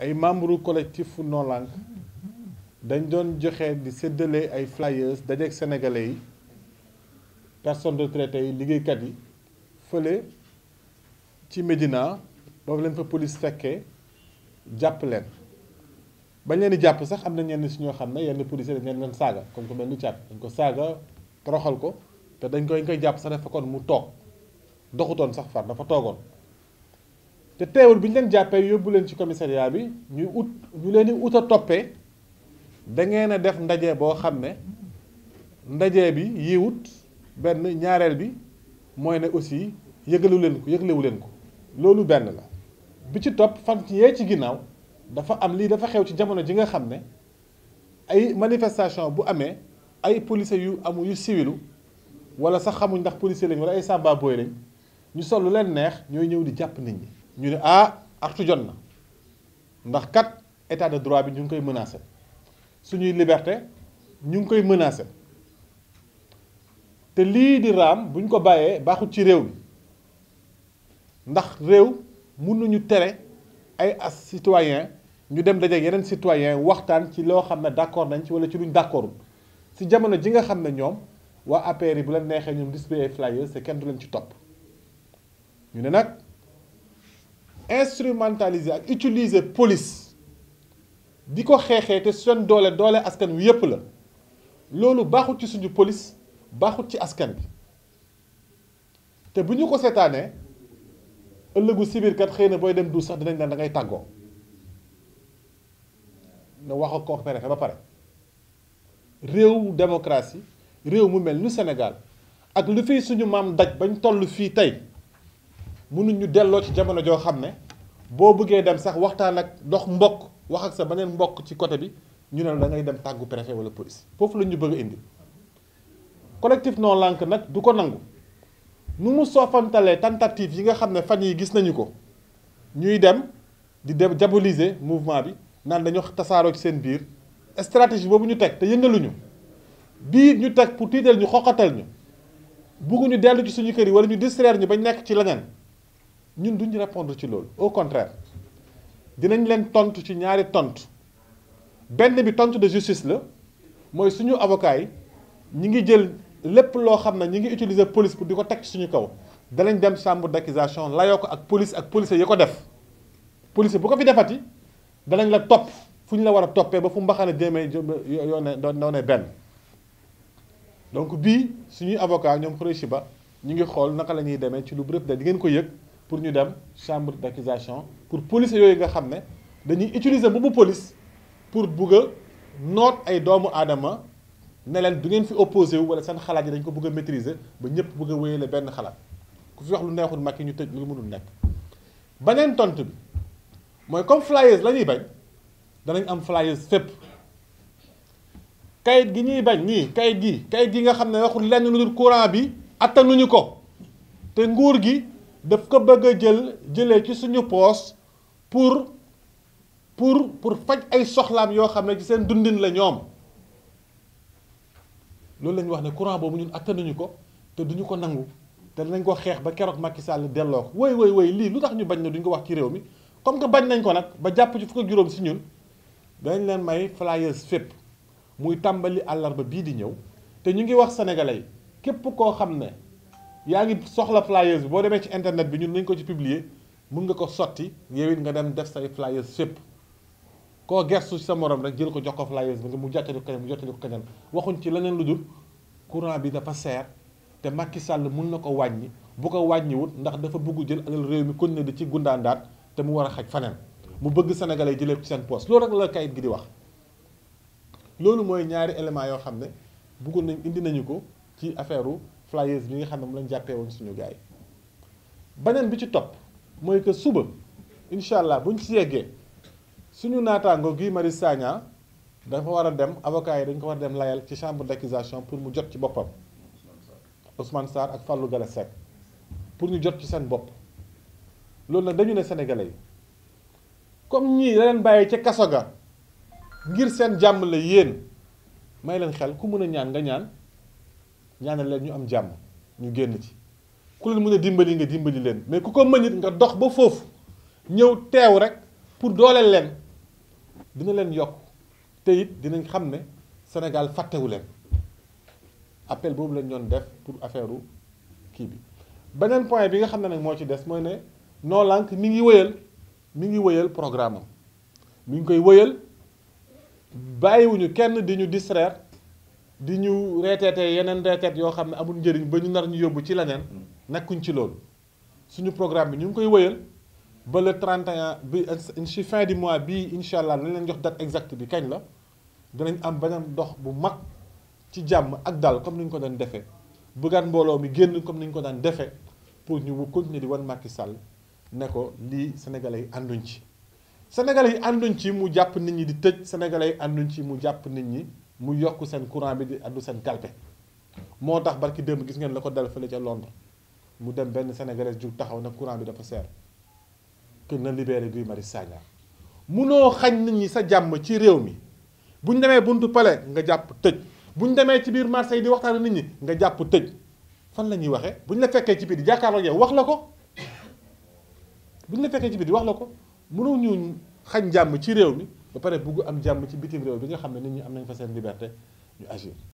ay membres collectif non langue dañ doon joxe di séddale ay flyers dajeeg sénégalais yi personnes retraitées yi liggéeykat yi fële ci Médina boobu leen fa police fekkee jàpp leen bañ leen di jàpp sax am na ñenn si ñoo xam ne yenn policiers dañ leen leen saaga comme caat dañ ko saaga toroxal ko te dañ koy dañ jàpp sax dafa kon mu toog doxutoon sax far dafa toogoon. te teewul bi ñu leen jàppee yóbbu leen ci commissariat bi ñuy ut ñu leen di ut a toppee da ngeen a def ndaje boo xam ne ndaje bi yii wut benn ñaareel bi mooy ne aussi yëgalu leen ko yëglewu leen ko loolu benn la bi ci topp fan yee ci ginnaaw dafa am lii dafa xew ci jamono ji nga xam ne ay manifestation bu amee ay policiers yu amul yu siwilu wala sax xamuñ ndax policier lañ wala ay sàmba booy lañ ñu solu leen neex ñooy ñëw di jàpp nit ñi ñu ne ah artu jot na ndax kat état de droit bi ñu ngi koy menacé suñuy liberté ñu ngi koy menacé te lii di raam buñ ko bàyyee baaxut ci réew mi ndax réew mun nañu tere ay as citoyen ñu dem dajeeg yeneen citoyen waxtaan ci loo xam ne d'accord nañ ci wala ci luñ d'accordul si jamono ji nga xam ne ñoom waa APR yi bu leen neexee ñoom distribuer flyers te kenn du leen ci topp ñu ne nag instrumentaliser ak utiliser police di ko xeexee te seen doole doole askan wi yépp la loolu baaxut ci suñu police baaxut ci askan bi te bu ñu ko seetaanee ëllëgu sibirkat xëy na booy dem du sax dinañ naan dangay ngay tàggoo nga wax ak kooku préfet ba pare réew démocratie réew mu mel ni Sénégal ak lu fi suñu maam daj bañ toll fii tey mënuñ ñu delloo ci jamono joo xam ne boo bëggee dem sax waxtaan ak dox mbokk wax ak sa beneen mbokk ci côté bi ñu ne la da ngay dem tàggu préfet wala police foofu la ñu bëgg indi collectif non lànk nag du ko nangu nu mu soofantalee tentative yi nga xam ne fan yi gis nañu ko ñuy dem di dem diaboliser mouvement bi naan dañu tasaaroo ci seen biir stratégie boobu ñu teg te yëngaluñu biir ñu teg pour tiital ñu xoqatal ñu bugguñu dellu ci suñu kër yi wala ñu distraire ñu nekk ci leneen ñun duñu répondre ci loolu au contraire dinañ leen tontu ci ñaari tontu benn bi tontu de justice la mooy suñu avocat yi ñi ngi jël lépp loo xam ne ñi ngi utiliser police pour di ko teg ci suñu kaw danañ dem chambre d'accusation layoo ko ak police ak police yi ko def police bu ko fi defati danañ la topp fu ñu la war a toppee ba fu mbaxane déemee yoone doone benn donc bii suñuy avocat ñoom Khoureyssi Ba ñu ngi xool naka la ñuy demee ci lu bref da di ngeen ko yëg pour ñu dem chambre d'accusation pour police yooyu nga xam ne dañuy utiliser bu bu police pour bugg a noot ay doomu aadama ne leen du ngeen fi opposé wu wala seen xalaat yi dañ ko bëgg a ba ñëpp bëgg a wéyale benn xalaat ku fi wax lu neexul mag yi ñu tëj lu mënul nekk. beneen tontu bi mooy comme flyers la ñuy bañ danañ am flyers fépp kayit gi ñuy bañ nii kayit gi kayit gi nga xam ne waxul lenn lu dul courant bi attanuñu ko te nguur gi. daf ko bëgg a jël jëlee ci suñu poos pour pour pour faj ay soxlaam yoo xam ne ci seen dundin la ñoom loolu la wax ne courant boobu ñun attanuñu ko te duñu ko nangu te nañ ko xeex ba keroot Macky Sall delloo ko woy woy woy lii lu tax ñu bañ na duñ ko wax ci réew mi comme que bañ nañ ko nag ba jàpp ci ko juróom si ñun dañ leen may flyers fépp muy tàmbali àllarba bii di ñëw te ñu ngi wax sénégalais yi képp koo xam ne. yaa ngi soxla flyers bi boo demee ci internet bi ñun nañ ko ci publier mun nga ko sotti yow nga dem def say flyers sépp koo gestu ci sa morom rek jël ko jox ko flyers bi nga mu jottali ko keneen mu jottali ko keneen waxuñ ci leneen lu dul courant bi dafa seer te Macky sàll mun na ko wàññi bu ko wàññiwut ndax dafa bugg jël alal réew mi continuer di ci gundaandaat te mu war a xaj faneen mu bëgg sénégalais jëlee ci seen poste loolu rek la kayit gi di wax loolu mooy ñaari éléments yoo xam ne bëggoon nañ indi nañu ko ci affaire flyers bi nga xam ne mu lañ jàppee woon suñu gars yi beneen bi ci topp mooy que suba incha allah buñ si yeggee suñu naataango Guy Marius Sagna dafa war a dem avocat yi dañ ko war a dem layal ci chambre d'accusation pour mu jot ci boppam Ousmane saar ak Fallou Galass Seck pour ñu jot ci seen bopp loolu nag dañu ne sénégalais yi comme ñii la leen bàyyi ca kaso ga ngir seen jàmm la yéen may leen xel ku mën a ñaan nga ñaan ñaanal leen ñu am jàmm ñu génn ci ku leen mu ne dimbali nga dimbali leen mais ku ko mënit nga dox ba foofu ñëw teew rek pour dooleel leen dina leen yokk te it dinañ xam ne Sénégal fàttewu leen appel boobu lañ doon def pour affaire kii bi. beneen point bi nga xam ne nag moo ci des mooy ne Noo Lank mi ngi wëyal mi ngi wëyal programme am mi ngi koy wëyal bàyyiwuñu kenn di ñu distraire. di ñu reeteetee yeneen reeteet yoo xam ne amul njëriñ ba ñu nar ñu yóbbu ci leneen mm. nekkuñ ci loolu suñu programme bi ñu ngi koy wëyal ba le 31 bi ci fin du mois bii incha allah lañ leen jox date exacte bi kañ la dinañ am beneen dox bu mag ci jàmm ak dal comme ni ñu ko daan defee bëggaat mbooloo mi génn comme ni ñu ko daan defee pour ñu continuer di wan Macky Sall ne ko lii sénégalais yi ànduñ ci sénégalais yi ànduñ ci mu jàpp nit ñi di tëj sénégalais yi ànduñ ci mu jàpp nit ñi mu yokk seen courant bi di addu seen kalpe moo tax barki démb gis ngeen la ko dal fële ca Londres mu dem benn sénégalais jug taxaw na courant bi dafa seer que na libeere Guy Marius Sagna munoo xañ nit ñi sa jàmm ci réew mi bu ñu demee buntu palais nga jàpp tëj bu ñu demee ci biir marché yi di waxtaan nit ñi nga jàpp tëj fan la ñuy waxee bu ñu la fekkee ci biir di jàkkaarloo yow wax la ko bu ñu la fekkee ci biir di wax la ko mënoo ñu xañ jàmm ci réew mi. ba pare bugg am jàmm ci bitim réew bi nga xam ne nit ñi am nañ fa seen liberté ñu agir